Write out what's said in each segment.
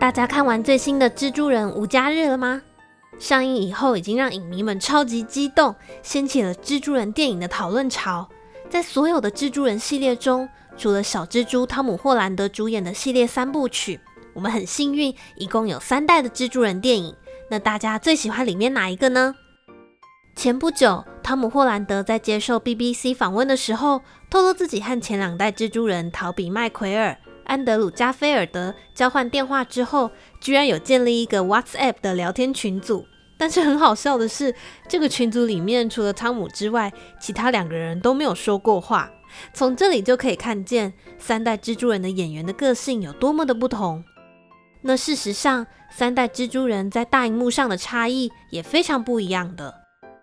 大家看完最新的《蜘蛛人：無家日》了嗎？上映以後已經讓影迷們超級激動，掀起了蜘蛛人電影的討論潮。在所有的蜘蛛人系列中，除了小蜘蛛湯姆·霍蘭德主演的系列三部曲，我們很幸運，一共有三代的蜘蛛人電影。那大家最喜歡裡面哪一個呢？前不久，湯姆·霍蘭德在接受 BBC 訪問的時候，透露自己和前兩代蜘蛛人陶比·麥奎爾。安德魯·加菲爾德交換電話之後，居然有建立一個 WhatsApp 的聊天群組。但是很好笑的是，這個群組裡面除了湯姆之外，其他兩個人都沒有說過話。從這裡就可以看見三代蜘蛛人的演員的個性有多麼的不同。那事實上，三代蜘蛛人在大熒幕上的差異也非常不一樣的。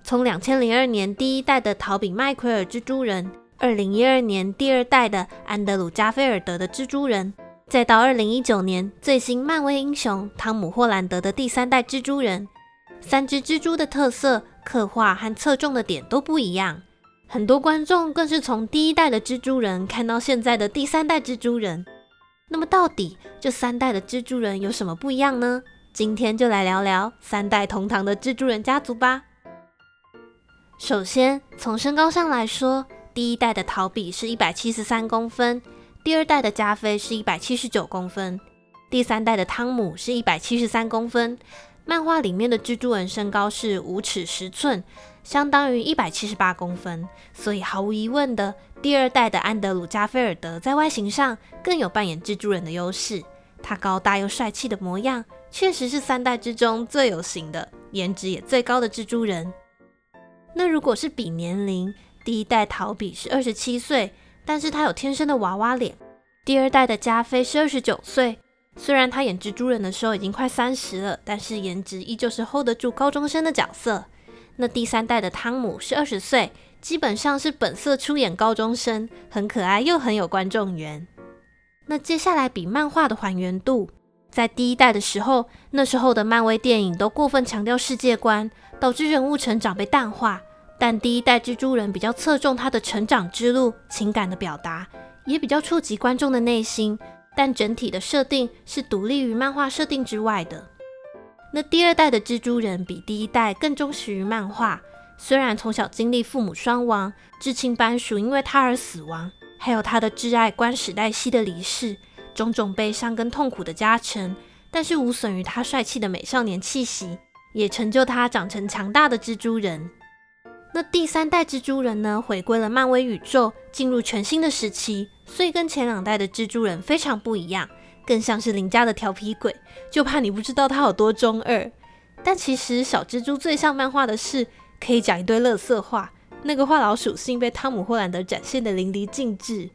從2002年第一代的陶比麥奎爾蜘蛛人，二零一二年第二代的安德魯加菲爾德的蜘蛛人，再到二零一九年最新漫威英雄湯姆霍蘭德的第三代蜘蛛人，三隻蜘蛛的特色刻畫和側重的點都不一樣。很多觀眾更是從第一代的蜘蛛人看到現在的第三代蜘蛛人。那麼到底這三代的蜘蛛人有什麼不一樣呢？今天就來聊聊三代同堂的蜘蛛人家族吧。首先從身高上來說。第一代的陶比是一百七十三公分，第二代的加菲是一百七十九公分，第三代的湯姆是一百七十三公分。漫畫裡面的蜘蛛人身高是五尺十寸，相當於一百七十八公分。所以毫無疑問的，第二代的安德魯加菲爾德在外形上更有扮演蜘蛛人的優勢。他高大又帥氣的模樣，確實是三代之中最有型的，顏值也最高的蜘蛛人。那如果是比年齡？第一代陶比是二十七歲，但是他有天生的娃娃臉。第二代的加菲是二十九歲，雖然他演蜘蛛人的時候已經快三十了，但是顏值依舊是 hold 得住高中生的角色。那第三代的湯姆是二十歲，基本上是本色出演高中生，很可愛又很有觀眾緣。那接下來比漫畫的還原度，在第一代的時候，那時候的漫威電影都過分強調世界觀，導致人物成長被淡化。但第一代蜘蛛人比較側重他的成長之路、情感的表達，也比較觸及觀眾的內心，但整體的設定是獨立於漫畫設定之外的。那第二代的蜘蛛人比第一代更忠實於漫畫，雖然從小經歷父母雙亡、至親班叔因為他而死亡，還有他的摯愛關史黛西的離世，種種悲傷跟痛苦的加成，但是無損於他帥氣的美少年氣息，也成就他長成強大的蜘蛛人。那第三代蜘蛛人呢？回歸了漫威宇宙，進入全新的時期，所以跟前兩代的蜘蛛人非常不一樣，更像是鄰家的調皮鬼，就怕你不知道他有多中二。但其實小蜘蛛最像漫畫的是可以講一堆垃圾話，那個話癆屬性被湯姆·霍蘭德展現得淋漓盡致。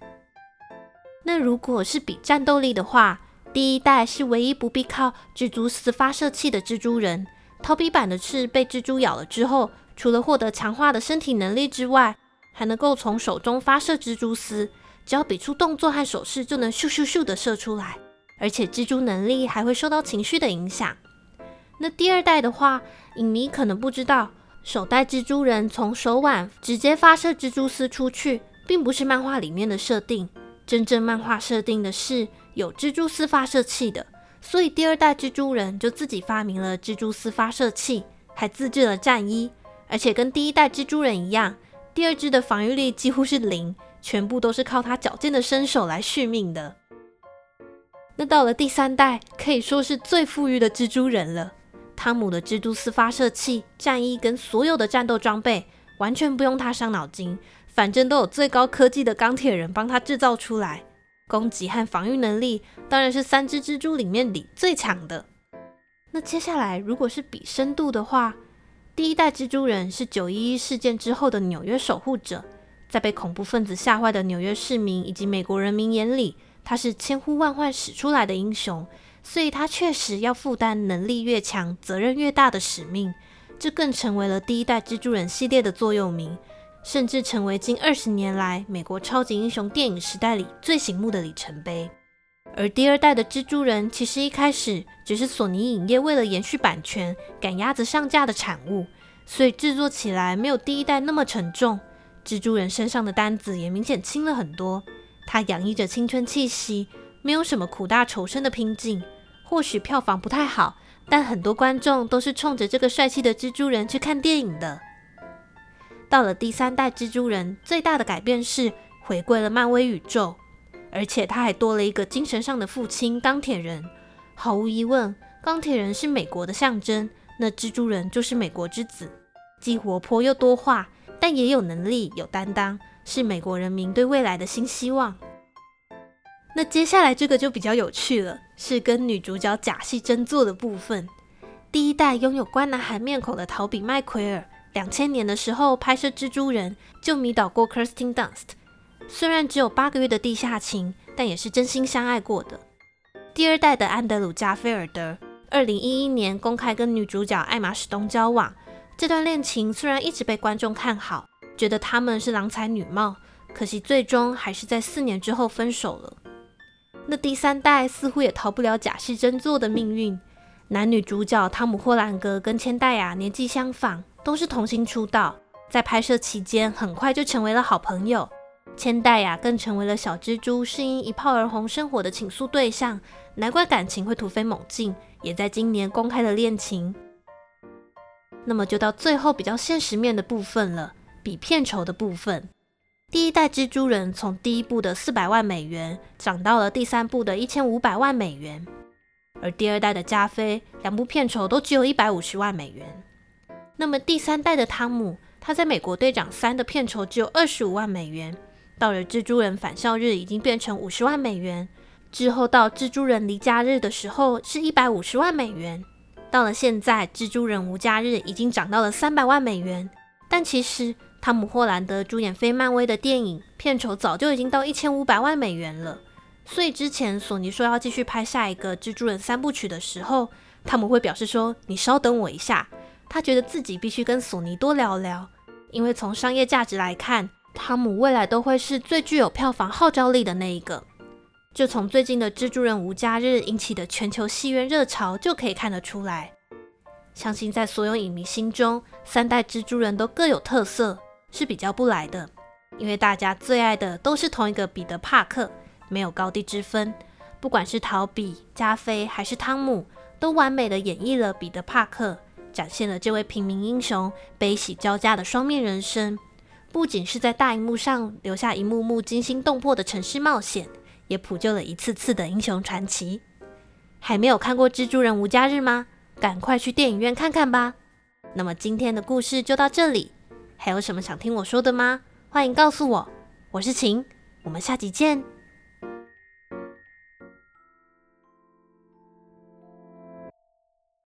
那如果是比戰鬥力的話，第一代是唯一不必靠蜘蛛絲發射器的蜘蛛人，陶比版的是被蜘蛛咬了之後。除了獲得強化的身體能力之外，還能夠從手中發射蜘蛛絲。只要比出動作和手勢，就能咻咻咻的射出來。而且蜘蛛能力還會受到情緒的影響。那第二代的話，影迷可能不知道，首代蜘蛛人從手腕直接發射蜘蛛絲出去，並不是漫畫裡面的設定。真正漫畫設定的是有蜘蛛絲發射器的，所以第二代蜘蛛人就自己發明了蜘蛛絲發射器，還自制了戰衣。而且跟第一代蜘蛛人一樣，第二隻的防禦力幾乎是零，全部都是靠他矯健的身手來續命的。那到了第三代，可以說是最富裕的蜘蛛人了。湯姆的蜘蛛絲發射器、戰衣跟所有的戰鬥裝備，完全不用他傷腦筋，反正都有最高科技的鋼鐵人幫他製造出來。攻擊和防禦能力，當然是三隻蜘蛛裡面裡最強的。那接下來，如果是比深度的話，第一代蜘蛛人是九一一事件之後的紐約守護者，在被恐怖分子嚇壞的紐約市民以及美國人民眼裡，他是千呼萬喚始出來的英雄，所以他確實要負擔能力越強，責任越大的使命，這更成為了第一代蜘蛛人系列的座右銘，甚至成為近二十年來美國超級英雄電影時代裡最醒目的里程碑。而第二代的蜘蛛人其實一開始只是索尼影業為了延續版權趕鴨子上架的產物，所以製作起來沒有第一代那麼沉重。蜘蛛人身上的擔子也明顯輕了很多，他洋溢着青春氣息，沒有什麼苦大仇深的拼勁，或許票房不太好，但很多觀眾都是衝着這個帥氣的蜘蛛人去看電影的。到了第三代蜘蛛人，最大的改變是回歸了漫威宇宙。而且他還多了一個精神上的父親——鋼鐵人。毫無疑問，鋼鐵人是美國的象徵，那蜘蛛人就是美國之子，既活潑又多話，但也有能力、有擔當，是美國人民對未來的新希望。那接下來這個就比較有趣了，是跟女主角假戲真做的部分。第一代擁有關南韓面孔的陶比·麥奎爾，兩千年的時候拍攝《蜘蛛人》就迷倒過 Kirsten Dunst。雖然只有八個月的地下情，但也是真心相愛過的。第二代的安德魯·加菲爾德，二零一一年公開跟女主角艾瑪·史東交往，這段戀情雖然一直被觀眾看好，覺得他們是郎才女貌，可惜最終還是在四年之後分手了。那第三代似乎也逃不了假戲真做的命運。男女主角湯姆·霍蘭格跟千代雅年紀相仿，都是童星出道，在拍攝期間很快就成為了好朋友。千代呀、啊，更成為了小蜘蛛是因一炮而紅生活的傾訴對象，難怪感情會突飛猛進，也在今年公開了戀情。那麼就到最後比較現實面的部分了，比片酬的部分，第一代蜘蛛人從第一部的四百萬美元漲到了第三部的一千五百萬美元，而第二代的加菲，兩部片酬都只有一百五十萬美元。那麼第三代的湯姆，他在美國隊長三的片酬只有二十五萬美元。到了蜘蛛人返校日已經變成五十萬美元，之後到蜘蛛人離家日的時候是一百五十萬美元，到了現在，蜘蛛人無家日已經漲到了三百萬美元。但其實，湯姆·霍蘭德主演非漫威的電影片酬早就已經到一千五百萬美元了。所以之前索尼說要繼續拍下一個蜘蛛人三部曲的時候，湯姆會表示說：“你稍等我一下”。他覺得自己必須跟索尼多聊聊，因為從商業價值來看，湯姆未來都會是最具有票房號召力的那一個，就從最近的《蜘蛛人無家日》引起的全球戲院熱潮就可以看得出來。相信在所有影迷心中，三代蜘蛛人都各有特色，是比較不來的。因為大家最愛的都是同一個彼得·帕克，沒有高低之分。不管是陶比、加菲還是湯姆，都完美地演繹了彼得·帕克，展現了這位平民英雄悲喜交加的雙面人生。不僅是在大熒幕上留下一幕幕驚心動魄的城市冒險，也譜就了一次次的英雄傳奇。還沒有看過《蜘蛛人無家日》嗎？趕快去電影院看看吧。那麼今天的故事就到這裡，還有什麼想聽我說的嗎？歡迎告訴我。我是晴，我們下集見。